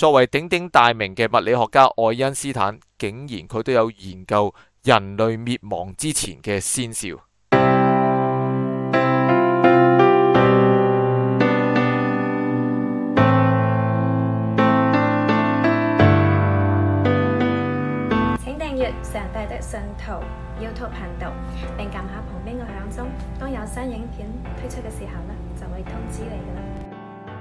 作為鼎鼎大名嘅物理學家愛因斯坦，竟然佢都有研究人類滅亡之前嘅先兆。請訂閱上帝的信徒 YouTube 頻道，並撳下旁邊嘅響鐘，當有新影片推出嘅時候呢就會通知你㗎啦。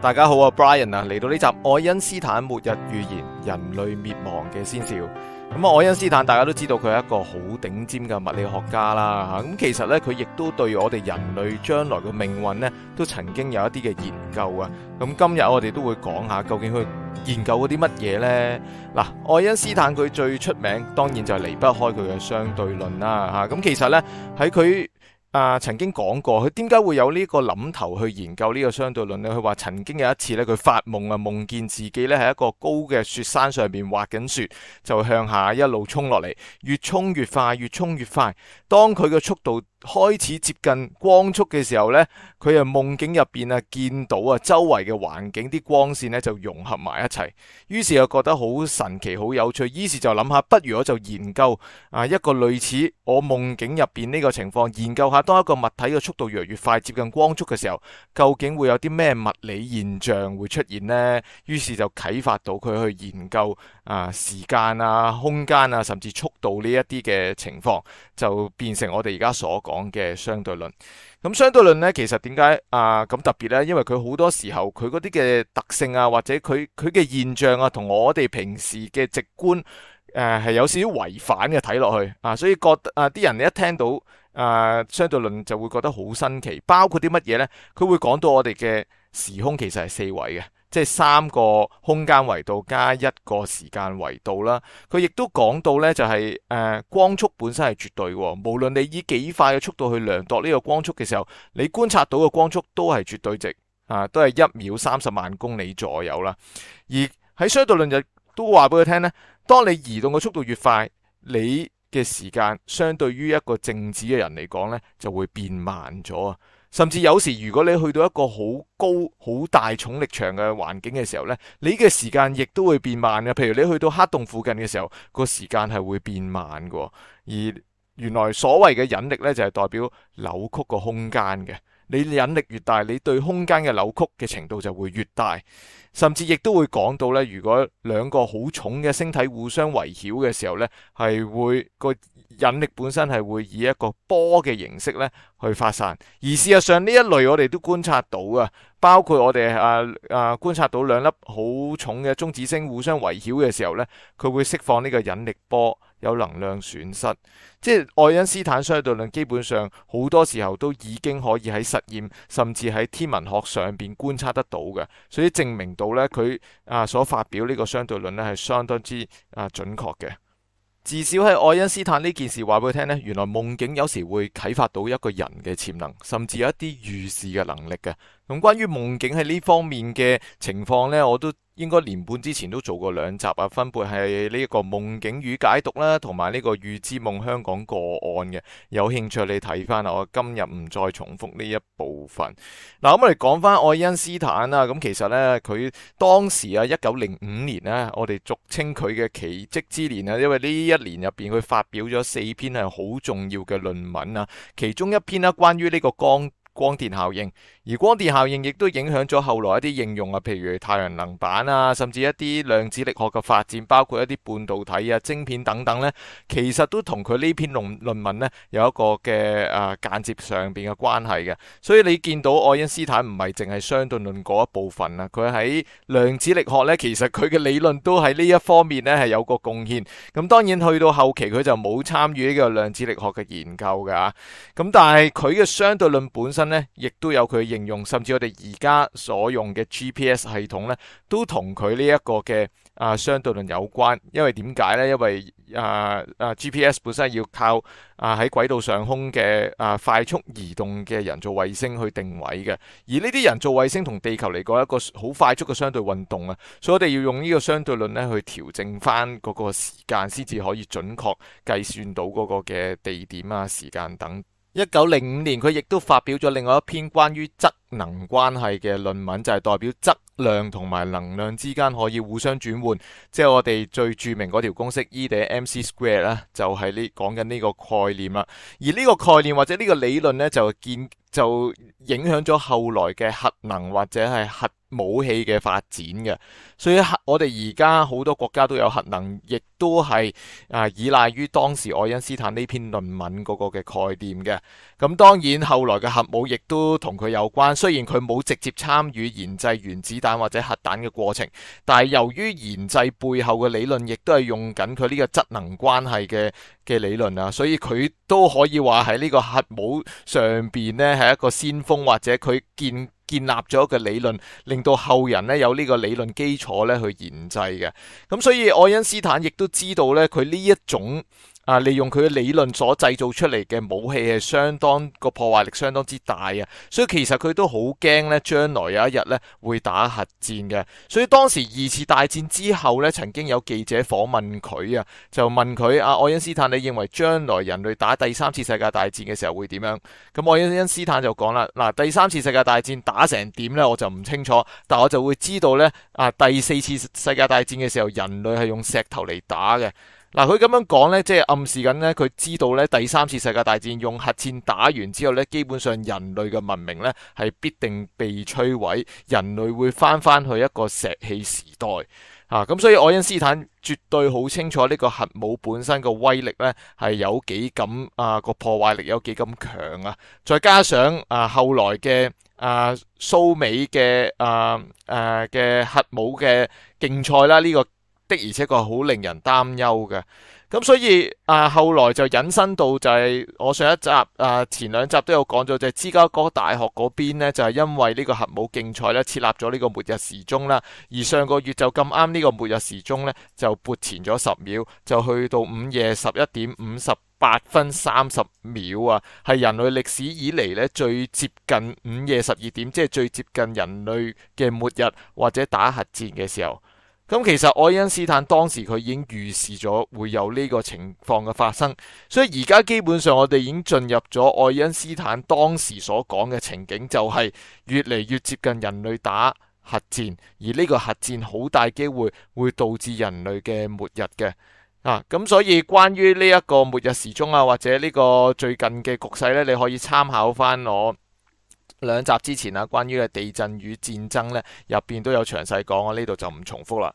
大家好啊，Brian 啊，嚟到呢集愛因斯坦末日預言人類滅亡嘅先兆。咁、嗯、啊，愛因斯坦大家都知道佢係一個好頂尖嘅物理學家啦吓。咁、啊啊、其實呢，佢亦都對我哋人類將來嘅命運呢，都曾經有一啲嘅研究啊。咁、啊、今日我哋都會講下究竟佢研究嗰啲乜嘢呢？嗱、啊，愛因斯坦佢最出名當然就係離不開佢嘅相對論啦吓。咁、啊啊啊、其實呢，喺佢。啊、呃，曾經講過，佢點解會有呢個諗頭去研究呢個相對論呢？佢話曾經有一次咧，佢發夢啊，夢見自己咧喺一個高嘅雪山上面滑緊雪，就向下一路衝落嚟，越衝越快，越衝越快，當佢嘅速度。開始接近光速嘅時候咧，佢喺夢境入邊啊，見到啊周圍嘅環境啲光線咧就融合埋一齊，於是又覺得好神奇，好有趣，於是就諗下，不如我就研究啊一個類似我夢境入邊呢個情況，研究下當一個物體嘅速度越嚟越快，接近光速嘅時候，究竟會有啲咩物理現象會出現咧？於是就啟發到佢去研究啊時間啊、空間啊，甚至速度呢一啲嘅情況，就變成我哋而家所講。講嘅相對論，咁相對論呢，其實點解啊咁特別呢？因為佢好多時候佢嗰啲嘅特性啊，或者佢佢嘅現象啊，同我哋平時嘅直觀誒係、呃、有少少違反嘅睇落去啊，所以覺得啊啲、呃、人一聽到誒、呃、相對論就會覺得好新奇，包括啲乜嘢呢？佢會講到我哋嘅時空其實係四維嘅。即係三個空間維度加一個時間維度啦。佢亦都講到呢，就係誒光速本身係絕對喎。無論你以幾快嘅速度去量度呢個光速嘅時候，你觀察到嘅光速都係絕對值啊，都係一秒三十萬公里左右啦。而喺相對論亦都話俾佢聽呢，當你移動嘅速度越快，你嘅時間相對於一個靜止嘅人嚟講呢，就會變慢咗啊！甚至有時，如果你去到一個好高、好大重力場嘅環境嘅時候呢，你嘅時間亦都會變慢嘅。譬如你去到黑洞附近嘅時候，個時間係會變慢㗎。而原來所謂嘅引力呢，就係代表扭曲個空間嘅。你引力越大，你對空間嘅扭曲嘅程度就會越大，甚至亦都會講到咧，如果兩個好重嘅星體互相圍繞嘅時候咧，係會個引力本身係會以一個波嘅形式咧去發散，而事實上呢一類我哋都觀察到啊，包括我哋啊啊觀察到兩粒好重嘅中子星互相圍繞嘅時候咧，佢會釋放呢個引力波。有能量損失，即係愛因斯坦相對論，基本上好多時候都已經可以喺實驗，甚至喺天文學上邊觀察得到嘅，所以證明到呢，佢啊所發表呢個相對論呢係相當之啊準確嘅。至少喺愛因斯坦呢件事話俾佢聽呢，原來夢境有時會啟發到一個人嘅潛能，甚至有一啲預示嘅能力嘅。咁關於夢境喺呢方面嘅情況呢，我都。應該年半之前都做過兩集啊，分別係呢一個夢境與解讀啦，同埋呢個預知夢香港個案嘅，有興趣你睇翻啊。我今日唔再重複呢一部分。嗱，咁我哋講翻愛因斯坦啦。咁其實呢，佢當時啊，一九零五年咧，我哋俗稱佢嘅奇蹟之年啊，因為呢一年入邊佢發表咗四篇係好重要嘅論文啊，其中一篇啦，關於呢個光光電效應，而光電效應亦都影響咗後來一啲應用啊，譬如太陽能板啊，甚至一啲量子力學嘅發展，包括一啲半導體啊、晶片等等呢，其實都同佢呢篇論論文呢有一個嘅啊間接上面嘅關係嘅。所以你見到愛因斯坦唔係淨係相對論嗰一部分啊，佢喺量子力學呢，其實佢嘅理論都喺呢一方面呢係有個貢獻。咁當然去到後期佢就冇參與呢個量子力學嘅研究噶。咁但係佢嘅相對論本身。亦都有佢嘅應用，甚至我哋而家所用嘅 GPS 系統咧，都同佢呢一個嘅啊相對論有關。因為點解呢？因為啊啊 GPS 本身要靠啊喺軌道上空嘅啊快速移動嘅人造衛星去定位嘅，而呢啲人造衛星同地球嚟講一個好快速嘅相對運動啊，所以我哋要用呢個相對論咧去調整翻嗰個時間，先至可以準確計算到嗰個嘅地點啊、時間等等。一九零五年，佢亦都發表咗另外一篇關於質能關係嘅論文，就係、是、代表質質量同埋能量之間可以互相轉換，即係我哋最著名條公式 E 等於 MC square 啦，squ ared, 就係呢講緊呢個概念啦。而呢個概念或者呢個理論咧，就建就影響咗後來嘅核能或者係核武器嘅發展嘅。所以核我哋而家好多國家都有核能，亦都係啊依賴於當時愛因斯坦呢篇論文個嘅概念嘅。咁當然後來嘅核武亦都同佢有關，雖然佢冇直接參與研製原子彈。或者核彈嘅過程，但係由於研製背後嘅理論，亦都係用緊佢呢個質能關係嘅嘅理論啊，所以佢都可以話喺呢個核武上邊呢係一個先鋒，或者佢建建立咗一個理論，令到後人呢有呢個理論基礎呢去研製嘅。咁所以愛因斯坦亦都知道呢，佢呢一種。啊！利用佢嘅理論所製造出嚟嘅武器係相當，個破壞力相當之大啊！所以其實佢都好驚呢，將來有一日呢會打核戰嘅。所以當時二次大戰之後呢，曾經有記者訪問佢啊，就問佢，啊，愛因斯坦，你認為將來人類打第三次世界大戰嘅時候會點樣？咁愛因斯坦就講啦，嗱，第三次世界大戰打成點呢？我就唔清楚，但我就會知道呢。啊，第四次世界大戰嘅時候人類係用石頭嚟打嘅。嗱，佢咁樣講呢，即係暗示緊呢，佢知道呢，第三次世界大戰用核戰打完之後呢，基本上人類嘅文明呢係必定被摧毀，人類會返返去一個石器時代啊！咁所以愛因斯坦絕對好清楚呢個核武本身個威力呢係有幾咁啊，個破壞力有幾咁強啊！再加上啊後來嘅啊蘇美嘅啊誒嘅、啊啊、核武嘅競賽啦，呢、這個。的而且確好令人擔憂嘅，咁所以啊，後來就引申到就係我上一集啊，前兩集都有講咗，就係芝加哥大學嗰邊呢，就係因為呢個核武競賽咧設立咗呢個末日時鐘啦，而上個月就咁啱呢個末日時鐘呢，就撥前咗十秒，就去到午夜十一點五十八分三十秒啊，係人類歷史以嚟呢，最接近午夜十二點，即係最接近人類嘅末日或者打核戰嘅時候。咁其實愛因斯坦當時佢已經預示咗會有呢個情況嘅發生，所以而家基本上我哋已經進入咗愛因斯坦當時所講嘅情景，就係越嚟越接近人類打核戰，而呢個核戰好大機會會導致人類嘅末日嘅。啊，咁所以關於呢一個末日時鐘啊，或者呢個最近嘅局勢呢，你可以參考返我。兩集之前啊，關於地震與戰爭呢，入邊都有詳細講，我呢度就唔重複啦。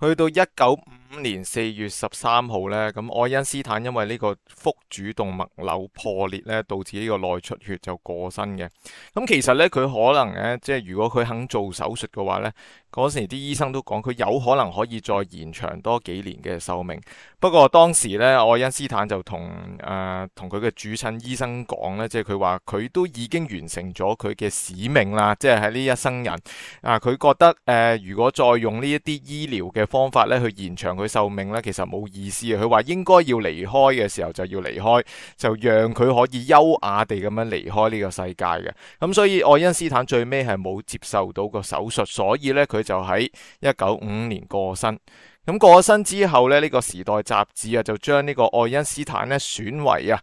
去到一九五五年四月十三號咧，咁愛因斯坦因為呢個腹主動脈瘤破裂咧，導致呢個內出血就過身嘅。咁其實咧，佢可能咧，即係如果佢肯做手術嘅話咧，嗰時啲醫生都講佢有可能可以再延長多幾年嘅壽命。不過當時咧，愛因斯坦就同誒同佢嘅主診醫生講咧，即係佢話佢都已經完成咗佢嘅使命啦，即係喺呢一生人啊，佢覺得誒、呃、如果再用呢一啲醫療嘅方法咧去延長佢壽命咧，其實冇意思嘅。佢話應該要離開嘅時候就要離開，就讓佢可以優雅地咁樣離開呢個世界嘅。咁所以愛因斯坦最尾係冇接受到個手術，所以咧佢就喺一九五五年過身。咁過咗身之後咧，呢個時代雜誌啊就將呢個愛因斯坦咧選為啊。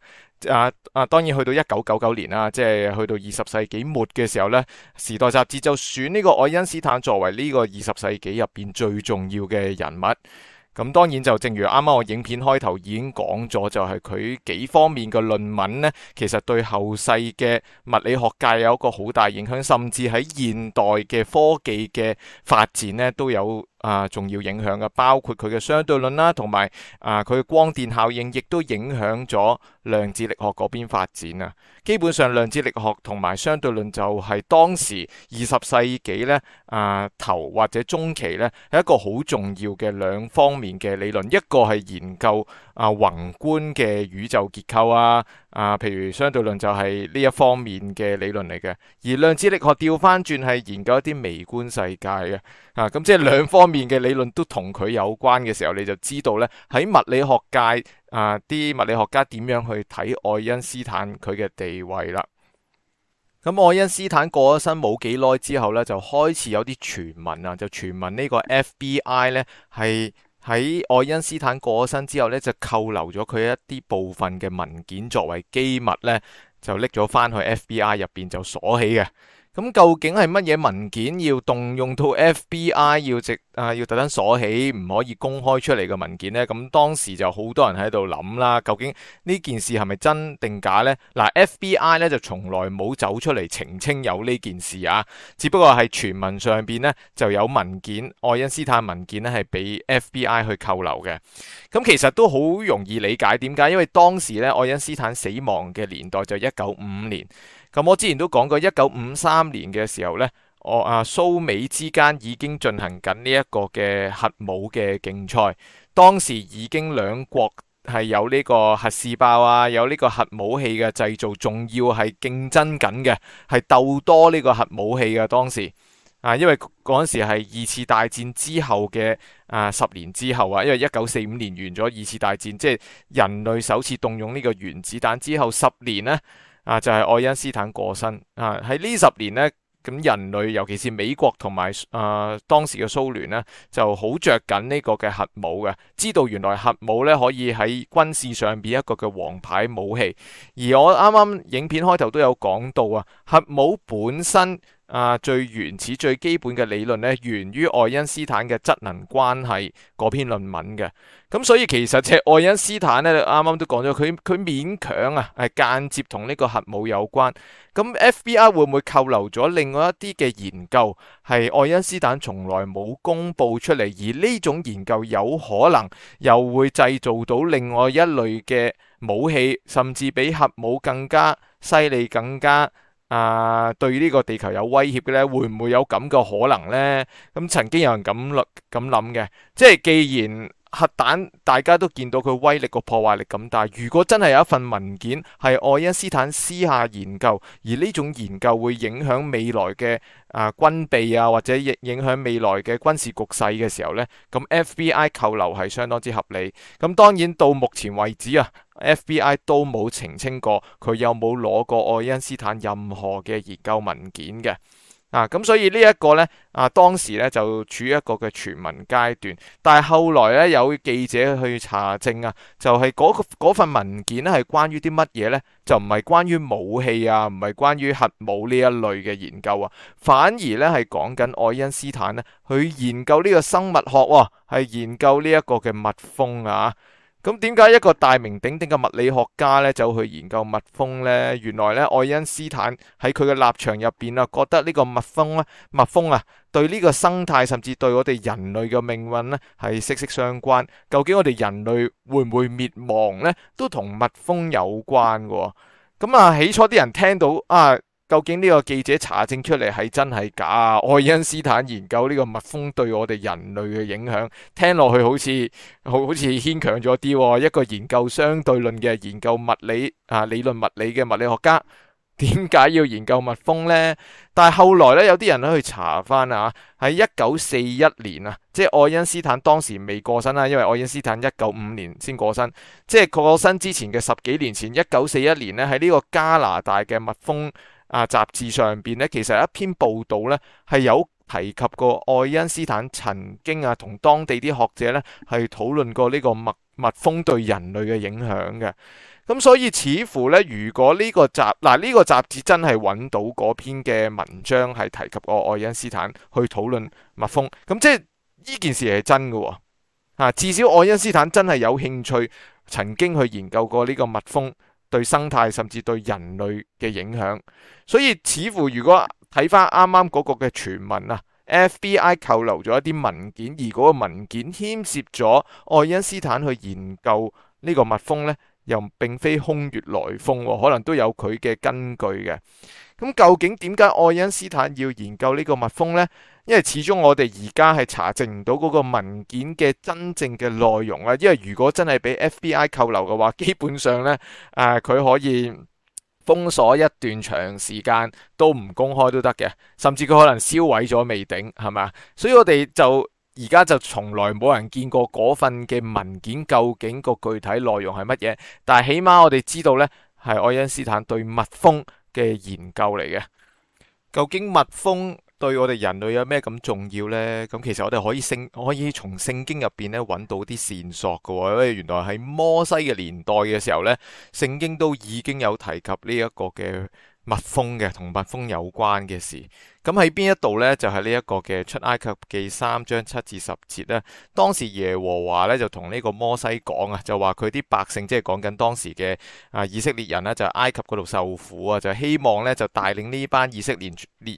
啊啊！當然去到一九九九年啦，即係去到二十世紀末嘅時候呢，《時代》雜誌就選呢個愛因斯坦作為呢個二十世紀入邊最重要嘅人物。咁當然就正如啱啱我影片開頭已經講咗，就係佢幾方面嘅論文呢，其實對後世嘅物理學界有一個好大影響，甚至喺現代嘅科技嘅發展呢都有。啊，重要影響嘅包括佢嘅相對論啦，同埋啊佢嘅光電效應，亦都影響咗量子力學嗰邊發展啊。基本上，量子力學同埋相對論就係當時二十世紀呢啊頭或者中期呢，係一個好重要嘅兩方面嘅理論，一個係研究。啊，宏觀嘅宇宙結構啊，啊，譬如相對論就係呢一方面嘅理論嚟嘅，而量子力學調翻轉係研究一啲微觀世界嘅，啊，咁、嗯、即係兩方面嘅理論都同佢有關嘅時候，你就知道呢喺物理學界啊，啲物理學家點樣去睇愛因斯坦佢嘅地位啦。咁、嗯、愛因斯坦過咗身冇幾耐之後呢，就開始有啲傳聞啊，就傳聞個呢個 FBI 呢係。喺愛因斯坦過咗身之後，呢就扣留咗佢一啲部分嘅文件作為機密，呢就拎咗返去 FBI 入邊就鎖起嘅。咁究竟係乜嘢文件要動用到 FBI 要直啊要特登鎖起唔可以公開出嚟嘅文件呢？咁當時就好多人喺度諗啦，究竟呢件事係咪真定假呢？嗱，FBI 咧就從來冇走出嚟澄清有呢件事啊，只不過係傳聞上邊咧就有文件，愛因斯坦文件咧係俾 FBI 去扣留嘅。咁其實都好容易理解點解，因為當時咧愛因斯坦死亡嘅年代就一九五五年。咁我之前都講過，一九五三年嘅時候呢，我啊蘇美之間已經進行緊呢一個嘅核武嘅競賽。當時已經兩國係有呢個核試爆啊，有呢個核武器嘅製造，仲要係競爭緊嘅，係鬥多呢個核武器嘅。當時啊，因為嗰陣時係二次大戰之後嘅啊十年之後啊，因為一九四五年完咗二次大戰，即係人類首次動用呢個原子彈之後十年呢。啊，就係、是、愛因斯坦過身啊！喺呢十年咧，咁人類尤其是美國同埋啊當時嘅蘇聯咧，就好着緊呢個嘅核武嘅，知道原來核武咧可以喺軍事上邊一個嘅王牌武器。而我啱啱影片開頭都有講到啊，核武本身。啊，最原始、最基本嘅理論咧，源於愛因斯坦嘅質能關係嗰篇論文嘅。咁所以其實即愛因斯坦咧，啱啱都講咗，佢佢勉強啊，係間接同呢個核武有關。咁 FBI 會唔會扣留咗另外一啲嘅研究，係愛因斯坦從來冇公佈出嚟，而呢種研究有可能又會製造到另外一類嘅武器，甚至比核武更加犀利、更加。啊，對呢個地球有威脅嘅咧，會唔會有咁個可能咧？咁曾經有人咁諗，咁諗嘅，即係既然。核彈大家都見到佢威力、個破壞力咁大，如果真係有一份文件係愛因斯坦私下研究，而呢種研究會影響未來嘅啊、呃、軍備啊，或者影影響未來嘅軍事局勢嘅時候呢，咁 FBI 扣留係相當之合理。咁當然到目前為止啊 ，FBI 都冇澄清過佢有冇攞過愛因斯坦任何嘅研究文件嘅。啊，咁所以呢、啊、一個咧，啊，當時咧就處於一個嘅傳聞階段，但係後來咧有記者去查證啊，就係、是、嗰份文件咧係關於啲乜嘢咧？就唔係關於武器啊，唔係關於核武呢一類嘅研究啊，反而咧係講緊愛因斯坦咧，佢研究呢個生物學喎、啊，係研究呢一個嘅蜜蜂啊。咁點解一個大名鼎鼎嘅物理學家咧走去研究蜜蜂咧？原來咧愛因斯坦喺佢嘅立場入邊啊，覺得呢個蜜蜂咧，蜜蜂啊，對呢個生態甚至對我哋人類嘅命運咧係息息相關。究竟我哋人類會唔會滅亡咧？都同蜜蜂有關嘅。咁啊，起初啲人聽到啊。究竟呢個記者查證出嚟係真係假啊？愛因斯坦研究呢個蜜蜂對我哋人類嘅影響，聽落去好似好好似牽強咗啲，哦。一個研究相對論嘅研究物理啊理論物理嘅物理學家，點解要研究蜜蜂呢？但係後來咧，有啲人咧去查返啊，喺一九四一年啊，即係愛因斯坦當時未過身啦，因為愛因斯坦一九五年先過身，即係過身之前嘅十幾年前，一九四一年咧喺呢個加拿大嘅蜜蜂。啊！雜誌上邊咧，其實一篇報道咧係有提及過愛因斯坦曾經啊同當地啲學者咧係討論過呢個蜜蜜蜂對人類嘅影響嘅。咁所以似乎咧，如果呢個雜嗱呢、啊這個雜誌真係搵到嗰篇嘅文章係提及過愛因斯坦去討論蜜蜂，咁即係呢件事係真㗎、哦。啊，至少愛因斯坦真係有興趣，曾經去研究過呢個蜜蜂。對生態甚至對人類嘅影響，所以似乎如果睇翻啱啱嗰個嘅傳聞啊，FBI 扣留咗一啲文件，而嗰個文件牽涉咗愛因斯坦去研究呢個蜜蜂呢，又並非空穴來風，可能都有佢嘅根據嘅。咁究竟點解愛因斯坦要研究呢個蜜蜂呢？因為始終我哋而家係查證唔到嗰個文件嘅真正嘅內容啦，因為如果真係俾 FBI 扣留嘅話，基本上呢，誒、呃、佢可以封鎖一段長時間都唔公開都得嘅，甚至佢可能銷毀咗未定，係咪？所以我哋就而家就從來冇人見過嗰份嘅文件究竟個具體內容係乜嘢，但係起碼我哋知道呢，係愛因斯坦對蜜蜂嘅研究嚟嘅，究竟蜜蜂對我哋人類有咩咁重要呢？咁其實我哋可以聖，可以從聖經入邊咧揾到啲線索噶。因為原來喺摩西嘅年代嘅時候，呢聖經都已經有提及呢一個嘅蜜蜂嘅，同蜜蜂有關嘅事。咁喺邊一度呢？就係呢一個嘅出埃及記三章七至十節咧。當時耶和華咧就同呢個摩西講啊，就話佢啲百姓即係講緊當時嘅啊以色列人呢、啊，就喺、是、埃及嗰度受苦啊，就是、希望呢，就帶領呢班以色列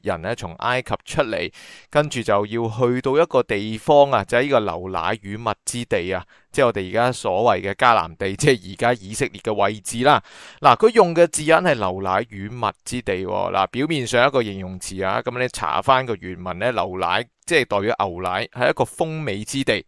人呢，從埃及出嚟，跟住就要去到一個地方啊，就呢、是、個牛奶與蜜之地啊，即、就、係、是、我哋而家所謂嘅迦南地，即係而家以色列嘅位置啦。嗱、啊，佢用嘅字眼係牛奶與蜜之地喎、啊。嗱、啊，表面上一個形容詞啊，咁。你查翻個原文咧，流奶即係代表牛奶，係一個豐美之地，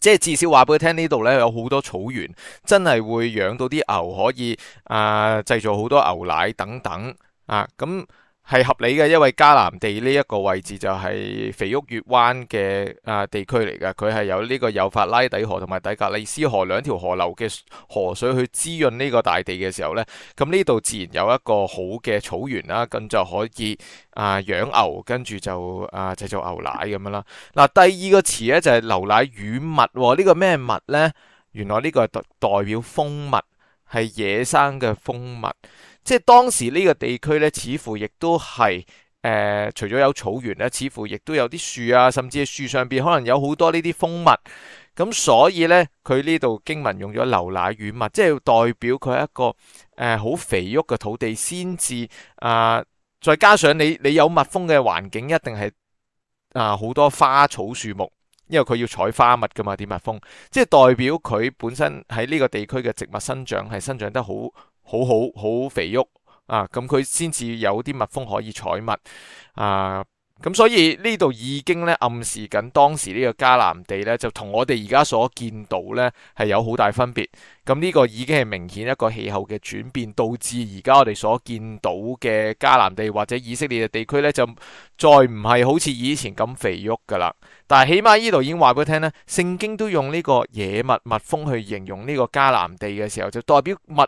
即係至少話俾佢聽呢度咧有好多草原，真係會養到啲牛，可以啊、呃、製造好多牛奶等等啊咁。係合理嘅，因為迦南地呢一個位置就係肥沃月灣嘅啊地區嚟嘅。佢係有呢個幼發拉底河同埋底格里斯河兩條河流嘅河水去滋潤呢個大地嘅時候呢。咁呢度自然有一個好嘅草原啦，咁就可以啊、呃、養牛，跟住就啊製造牛奶咁樣啦。嗱，第二個詞呢就係、是、牛奶與蜜，呢、這個咩蜜呢？原來呢個代表蜂蜜，係野生嘅蜂蜜。即係當時呢個地區咧，似乎亦都係誒，除咗有草原咧，似乎亦都有啲樹啊，甚至係樹上邊可能有好多呢啲蜂蜜。咁所以咧，佢呢度經文用咗流奶與蜜，即係代表佢係一個誒好、呃、肥沃嘅土地，先至啊。再加上你你有蜜蜂嘅環境，一定係啊好多花草樹木，因為佢要採花蜜㗎嘛，啲蜜蜂，即係代表佢本身喺呢個地區嘅植物生長係生長得好。好好好肥沃啊！咁佢先至有啲蜜蜂可以採蜜啊。咁所以呢度已經咧暗示緊當時呢個迦南地咧，就同我哋而家所見到咧係有好大分別。咁呢個已經係明顯一個氣候嘅轉變，導致而家我哋所見到嘅迦南地或者以色列嘅地區咧，就再唔係好似以前咁肥沃噶啦。但係起碼呢度已經話俾佢聽咧，聖經都用呢個野蜜蜜蜂去形容呢個迦南地嘅時候，就代表蜜。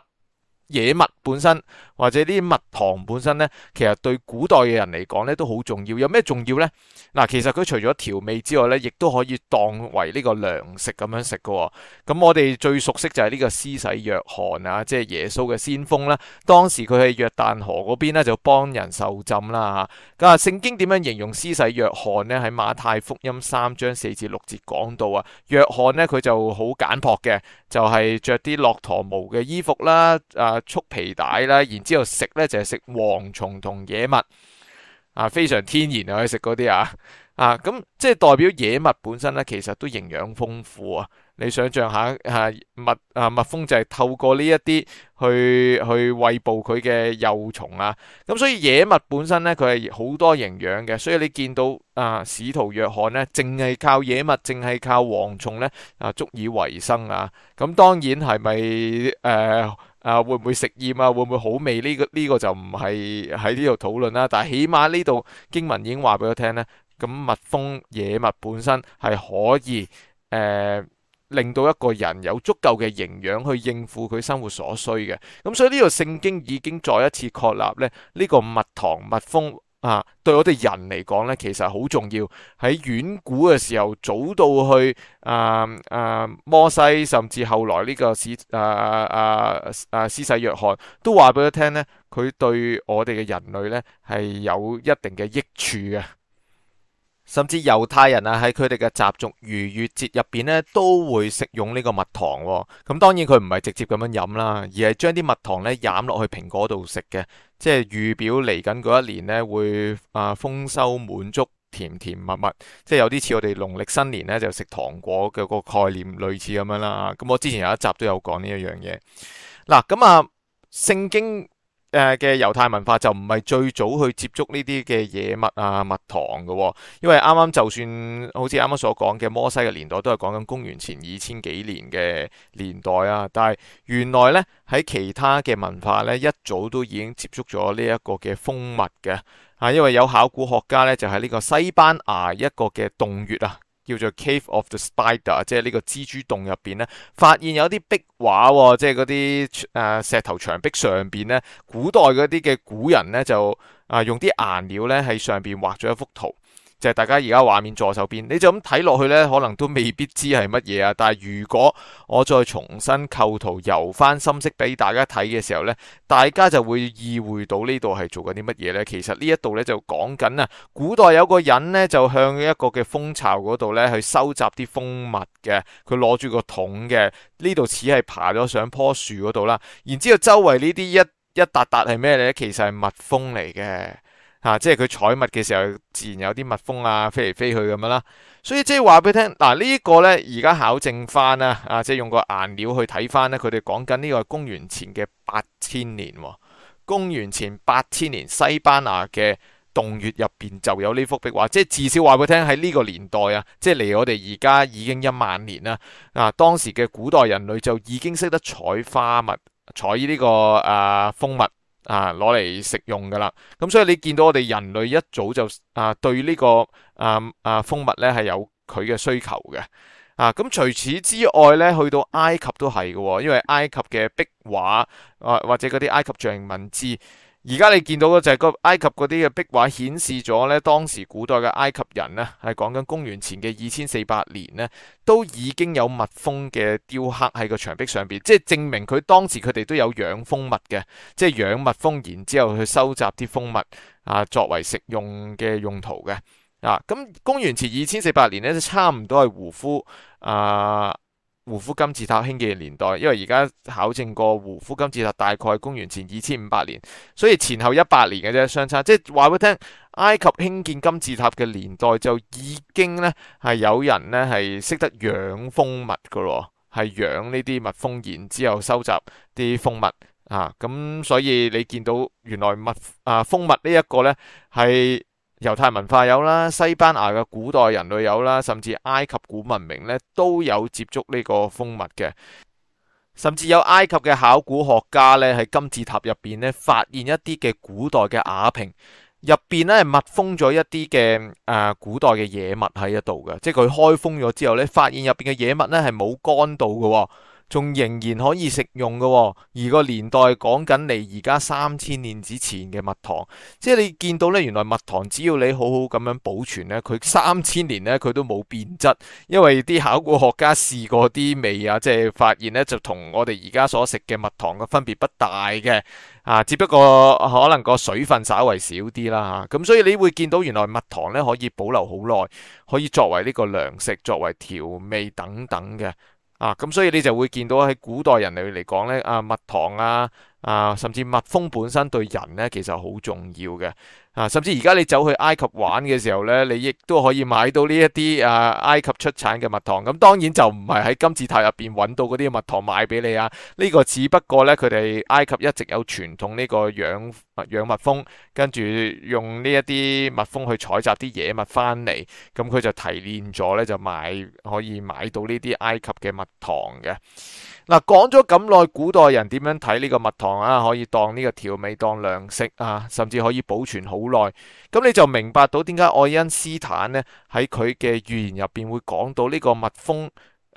野物本身或者啲蜜糖本身咧，其實對古代嘅人嚟講咧都好重要。有咩重要呢？嗱，其實佢除咗調味之外咧，亦都可以當為呢個糧食咁樣食嘅。咁我哋最熟悉就係呢個施洗約翰啊，即係耶穌嘅先鋒啦。當時佢喺約旦河嗰邊咧就幫人受浸啦嚇。咁啊，聖經點樣形容施洗約翰呢？喺馬太福音三章四至六節講到、就是、啊，約翰呢，佢就好簡樸嘅，就係着啲駱駝毛嘅衣服啦啊～束皮帶啦，然之後食咧就係、是、食蝗蟲同野蜜啊，非常天然啊，食嗰啲啊啊，咁即係代表野蜜本身咧，其實都營養豐富啊。你想象下吓蜜啊，蜜蜂就係透過呢一啲去去餵哺佢嘅幼蟲啊。咁所以野蜜本身咧，佢係好多營養嘅。所以你見到啊，使徒約翰咧，淨係靠野蜜，淨係靠蝗蟲咧啊，足以維生啊。咁當然係咪誒？呃啊，會唔會食厭啊？會唔會好味？呢、呢個呢、呢個就唔係喺呢度討論啦。但係起碼呢度經文已經話俾我聽呢，咁蜜蜂野蜜本身係可以誒、呃，令到一個人有足夠嘅營養去應付佢生活所需嘅。咁、嗯、所以呢度聖經已經再一次確立咧，呢、呢個蜜糖蜜蜂。蜜蜂啊，對我哋人嚟講咧，其實好重要。喺遠古嘅時候，早到去啊啊摩西，甚至後來呢、這個使啊啊啊施洗約翰都話俾佢聽咧，佢對我哋嘅人類咧係有一定嘅益處嘅。甚至猶太人啊，喺佢哋嘅習俗逾越節入邊咧，都會食用呢個蜜糖，哦。咁、嗯、當然佢唔係直接咁樣飲啦，而係將啲蜜糖咧染落去蘋果度食嘅。即係預表嚟緊嗰一年咧，會啊豐收滿足甜甜蜜蜜，即係有啲似我哋農曆新年咧，就食糖果嘅嗰個概念類似咁樣啦。咁我之前有一集都有講呢一樣嘢。嗱，咁啊，聖經。誒嘅猶太文化就唔係最早去接觸呢啲嘅野，蜜啊蜜糖嘅，因為啱啱就算好似啱啱所講嘅摩西嘅年代都係講緊公元前二千幾年嘅年代啊，但係原來呢，喺其他嘅文化呢，一早都已經接觸咗呢一個嘅蜂蜜嘅啊，因為有考古學家呢，就係呢個西班牙一個嘅洞穴啊。叫做 Cave of the Spider，即係呢個蜘蛛洞入邊咧，發現有啲壁畫，即係啲誒石頭牆壁上邊咧，古代啲嘅古人咧就啊用啲顏料咧喺上邊畫咗一幅圖。就係大家而家畫面左手邊，你就咁睇落去呢，可能都未必知係乜嘢啊。但係如果我再重新構圖，由翻深色俾大家睇嘅時候呢，大家就會意會到呢度係做緊啲乜嘢呢？其實呢一度呢，就講緊啊，古代有個人呢，就向一個嘅蜂巢嗰度呢，去收集啲蜂蜜嘅，佢攞住個桶嘅，呢度似係爬咗上棵樹嗰度啦。然之後周圍呢啲一一笪笪係咩呢？其實係蜜蜂嚟嘅。啊！即係佢採蜜嘅時候，自然有啲蜜蜂啊飛嚟飛去咁樣啦。所以即係話俾你聽，嗱、啊呢個、呢個咧而家考證翻啊！啊，即係用個顏料去睇翻咧，佢哋講緊呢個公元前嘅八千年，哦。公元前八千年，西班牙嘅洞穴入邊就有呢幅壁畫。即係至少話俾你聽，喺呢個年代啊，即係離我哋而家已經一萬年啦。啊，當時嘅古代人類就已經識得採花蜜，採呢、呢個啊蜂蜜。啊，攞嚟食用噶啦，咁所以你見到我哋人類一早就啊對呢個啊啊蜂蜜咧係有佢嘅需求嘅啊。咁除此之外咧，去到埃及都係嘅，因為埃及嘅壁畫，啊或者嗰啲埃及象形文字。而家你見到嘅就係個埃及嗰啲嘅壁畫顯示咗咧，當時古代嘅埃及人咧係講緊公元前嘅二千四百年咧，都已經有蜜蜂嘅雕刻喺個牆壁上邊，即係證明佢當時佢哋都有養蜂蜜嘅，即係養蜜蜂，然之後去收集啲蜂蜜啊作為食用嘅用途嘅啊。咁公元前二千四百年咧，就差唔多係胡夫啊。胡夫金字塔興建嘅年代，因為而家考證過胡夫金字塔大概係公元前二千五百年，所以前後一百年嘅啫，相差即係話俾你聽，埃及興建金字塔嘅年代就已經咧係有人咧係識得養蜂蜜噶咯，係養呢啲蜜蜂，然之後收集啲蜂蜜啊，咁所以你見到原來蜜啊蜂蜜，啊蜂蜜呢一個咧係。猶太文化有啦，西班牙嘅古代人類有啦，甚至埃及古文明呢都有接觸呢個蜂蜜嘅，甚至有埃及嘅考古學家呢，喺金字塔入邊呢發現一啲嘅古代嘅瓦瓶，入邊呢密封咗一啲嘅誒古代嘅野物喺一度嘅，即係佢開封咗之後呢，發現入邊嘅野物呢係冇乾到嘅。仲仍然可以食用嘅、哦，而個年代講緊你而家三千年之前嘅蜜糖，即係你見到呢原來蜜糖只要你好好咁樣保存呢，佢三千年呢，佢都冇變質，因為啲考古學家試過啲味啊，即係發現呢，就同我哋而家所食嘅蜜糖嘅分別不大嘅，啊，只不過可能個水分稍微少啲啦吓，咁、啊、所以你會見到原來蜜糖呢，可以保留好耐，可以作為呢個糧食、作為調味等等嘅。啊，咁所以你就會見到喺古代人類嚟講咧，啊蜜糖啊。啊，甚至蜜蜂本身對人咧，其實好重要嘅。啊，甚至而家你走去埃及玩嘅時候咧，你亦都可以買到呢一啲啊埃及出產嘅蜜糖。咁當然就唔係喺金字塔入邊揾到嗰啲蜜糖賣俾你啊。呢、這個只不過咧，佢哋埃及一直有傳統呢個養、啊、養蜜蜂，跟住用呢一啲蜜蜂去採集啲野蜜翻嚟，咁佢就提煉咗咧就賣，可以買到呢啲埃及嘅蜜糖嘅。嗱、啊，講咗咁耐，古代人點樣睇呢個蜜糖？啊，可以當呢個調味，當糧食啊，甚至可以保存好耐。咁你就明白到點解愛因斯坦咧喺佢嘅預言入邊會講到呢個蜜蜂。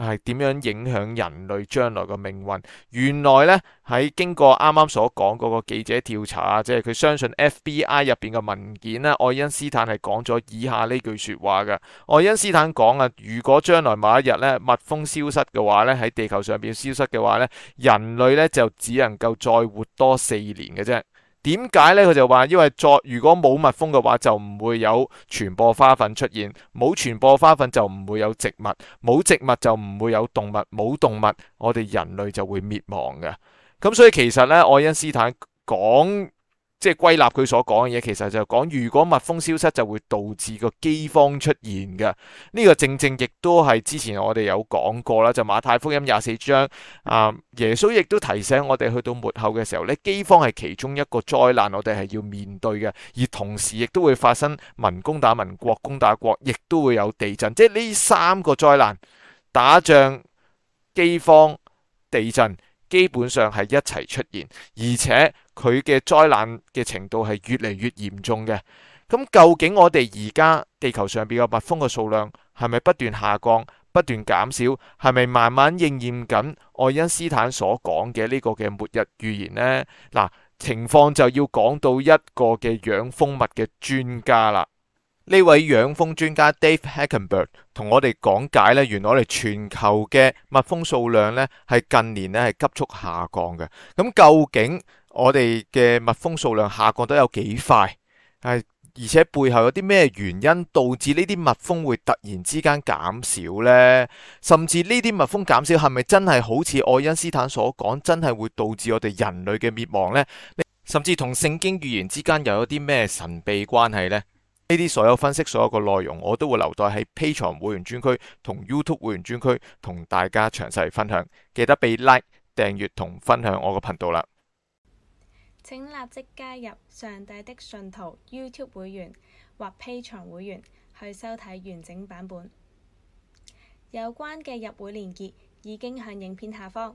係點樣影響人類將來嘅命運？原來咧喺經過啱啱所講嗰個記者調查啊，即係佢相信 FBI 入邊嘅文件咧，愛因斯坦係講咗以下呢句說話嘅。愛因斯坦講啊，如果將來某一日咧，蜜蜂消失嘅話咧，喺地球上邊消失嘅話咧，人類咧就只能夠再活多四年嘅啫。點解咧？佢就話，因為作如果冇蜜蜂嘅話，就唔會有傳播花粉出現；冇傳播花粉就唔會有植物；冇植物就唔會有動物；冇動物，我哋人類就會滅亡嘅。咁所以其實咧，愛因斯坦講。即係歸納佢所講嘅嘢，其實就講如果蜜蜂消失，就會導致個饑荒出現嘅。呢個正正亦都係之前我哋有講過啦。就馬太福音廿四章，啊、呃，耶穌亦都提醒我哋去到末後嘅時候呢，饑荒係其中一個災難，我哋係要面對嘅。而同時亦都會發生民攻打民、國攻打國，亦都會有地震。即係呢三個災難：打仗、饑荒、地震。基本上係一齊出現，而且佢嘅災難嘅程度係越嚟越嚴重嘅。咁究竟我哋而家地球上邊嘅蜜蜂嘅數量係咪不斷下降，不斷減少，係咪慢慢應驗緊愛因斯坦所講嘅呢個嘅末日預言呢？嗱，情況就要講到一個嘅養蜂蜜嘅專家啦。呢位養蜂專家 Dave Hackenberg 同我哋講解咧，原來我哋全球嘅蜜蜂數量咧係近年咧係急速下降嘅。咁究竟我哋嘅蜜蜂數量下降得有幾快？係而且背後有啲咩原因導致呢啲蜜蜂會突然之間減少呢？甚至呢啲蜜蜂減少係咪真係好似愛因斯坦所講，真係會導致我哋人類嘅滅亡呢？甚至同聖經預言之間又有啲咩神秘關係呢？呢啲所有分析，所有嘅內容，我都會留待喺 Patreon 會員專區同 YouTube 會員專區同大家詳細分享。記得俾 Like、訂閱同分享我嘅頻道啦！請立即加入上帝的信徒 YouTube 會員或 Patreon 會員去收睇完整版本。有關嘅入會連結已經向影片下方。